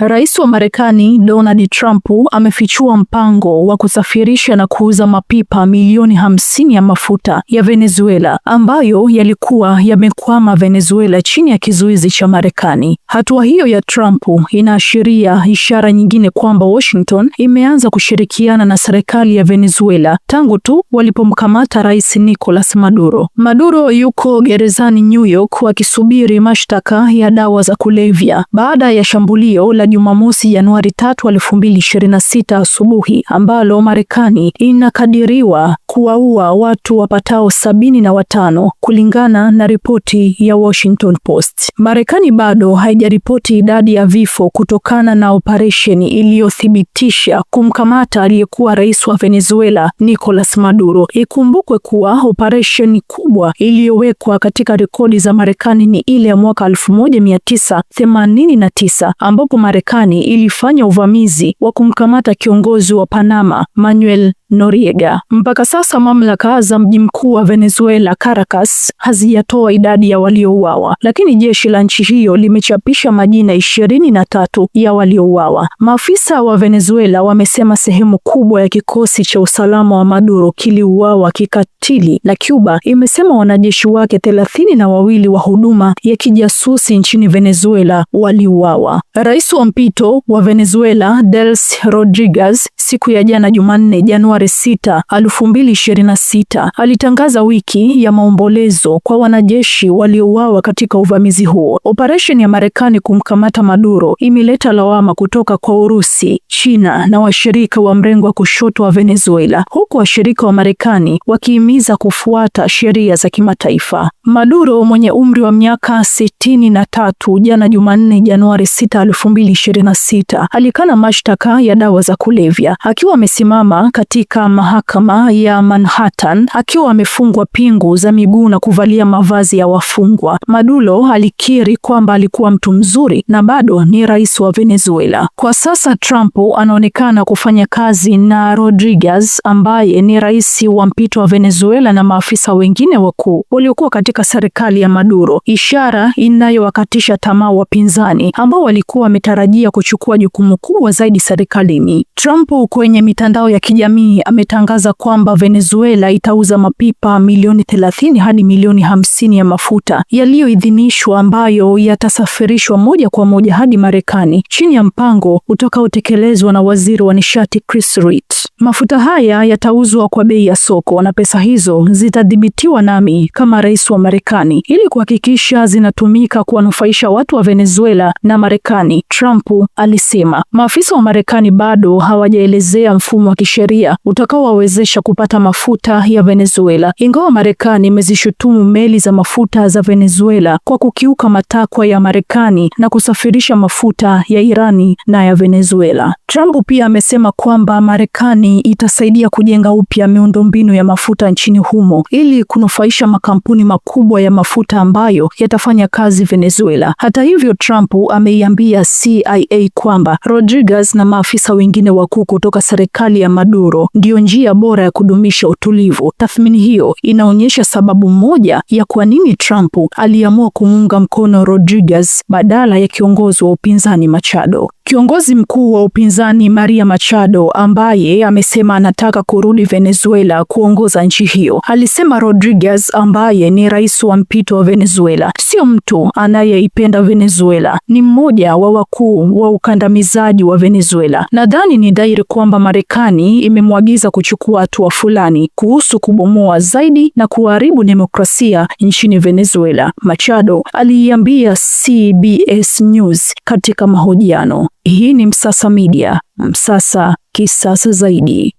Rais wa Marekani Donald Trump amefichua mpango wa kusafirisha na kuuza mapipa milioni hamsini ya mafuta ya Venezuela ambayo yalikuwa yamekwama Venezuela chini ya kizuizi cha Marekani. Hatua hiyo ya Trump inaashiria ishara nyingine kwamba Washington imeanza kushirikiana na serikali ya Venezuela tangu tu walipomkamata Rais Nicolas Maduro. Maduro yuko gerezani New York akisubiri mashtaka ya dawa za kulevya baada ya shambulio la Jumamosi Januari 3, 2026 asubuhi ambalo Marekani inakadiriwa kuwaua watu wapatao sabini na watano kulingana na ripoti ya Washington Post. Marekani bado haijaripoti idadi ya vifo kutokana na operesheni iliyothibitisha kumkamata aliyekuwa rais wa Venezuela Nicolas Maduro. Ikumbukwe kuwa operesheni kubwa iliyowekwa katika rekodi za Marekani ni ile ya mwaka 1989 ambapo Marekani ilifanya uvamizi wa kumkamata kiongozi wa Panama Manuel Noriega. Mpaka sasa mamlaka za mji mkuu wa Venezuela Caracas hazijatoa idadi ya waliouawa, lakini jeshi la nchi hiyo limechapisha majina ishirini na tatu ya waliouawa. Maafisa wa Venezuela wamesema sehemu kubwa ya kikosi cha usalama wa Maduro kiliuawa kikatili, na Cuba imesema wanajeshi wake thelathini na wawili wa huduma ya kijasusi nchini Venezuela waliuawa. Rais wa mpito wa Venezuela Dels Rodriguez siku ya jana Jumanne Januari Januari 6, 2026 alitangaza wiki ya maombolezo kwa wanajeshi waliouawa katika uvamizi huo. Operesheni ya Marekani kumkamata Maduro imeleta lawama kutoka kwa Urusi, China na washirika wa mrengo wa kushoto wa Venezuela, huku washirika wa Marekani wakihimiza kufuata sheria za kimataifa. Maduro mwenye umri wa miaka sitini na tatu jana Jumanne, Januari 6, 2026 alikana mashtaka ya dawa za kulevya akiwa amesimama katika katika mahakama ya Manhattan akiwa amefungwa pingu za miguu na kuvalia mavazi ya wafungwa. Maduro alikiri kwamba alikuwa mtu mzuri na bado ni rais wa Venezuela. Kwa sasa Trump anaonekana kufanya kazi na Rodriguez ambaye ni rais wa mpito wa Venezuela na maafisa wengine wakuu waliokuwa katika serikali ya Maduro, ishara inayowakatisha tamaa wapinzani ambao walikuwa wametarajia kuchukua jukumu kubwa zaidi serikalini. Trump kwenye mitandao ya kijamii ametangaza kwamba Venezuela itauza mapipa milioni 30 hadi milioni 50 ya mafuta yaliyoidhinishwa ambayo yatasafirishwa moja kwa moja hadi Marekani chini ya mpango utakaotekelezwa na Waziri wa Nishati Chris Reed. Mafuta haya yatauzwa kwa bei ya soko na pesa hizo zitadhibitiwa nami kama rais wa Marekani ili kuhakikisha zinatumika kuwanufaisha watu wa Venezuela na Marekani, Trump alisema. Maafisa wa Marekani bado hawajaelezea mfumo wa kisheria utakaowawezesha kupata mafuta ya Venezuela. Ingawa Marekani imezishutumu meli za mafuta za Venezuela kwa kukiuka matakwa ya Marekani na kusafirisha mafuta ya Irani na ya Venezuela. Trump pia amesema kwamba Marekani itasaidia kujenga upya miundombinu ya mafuta nchini humo ili kunufaisha makampuni makubwa ya mafuta ambayo yatafanya kazi Venezuela. Hata hivyo, Trump ameiambia CIA kwamba Rodriguez na maafisa wengine wakuu kutoka serikali ya Maduro ndiyo njia bora ya kudumisha utulivu. Tathmini hiyo inaonyesha sababu moja ya kwa nini Trump aliamua kumuunga mkono Rodriguez badala ya kiongozi wa upinzani Machado. Kiongozi mkuu wa upinzani Maria Machado ambaye amesema anataka kurudi Venezuela kuongoza nchi hiyo alisema Rodriguez ambaye ni rais wa mpito wa Venezuela sio mtu anayeipenda Venezuela, ni mmoja wa wakuu wa ukandamizaji wa Venezuela. Nadhani ni dhahiri kwamba Marekani imemwagiza kuchukua hatua fulani kuhusu kubomoa zaidi na kuharibu demokrasia nchini Venezuela, Machado aliiambia CBS News katika mahojiano. Hii ni Msasa Media, Msasa kisasa zaidi.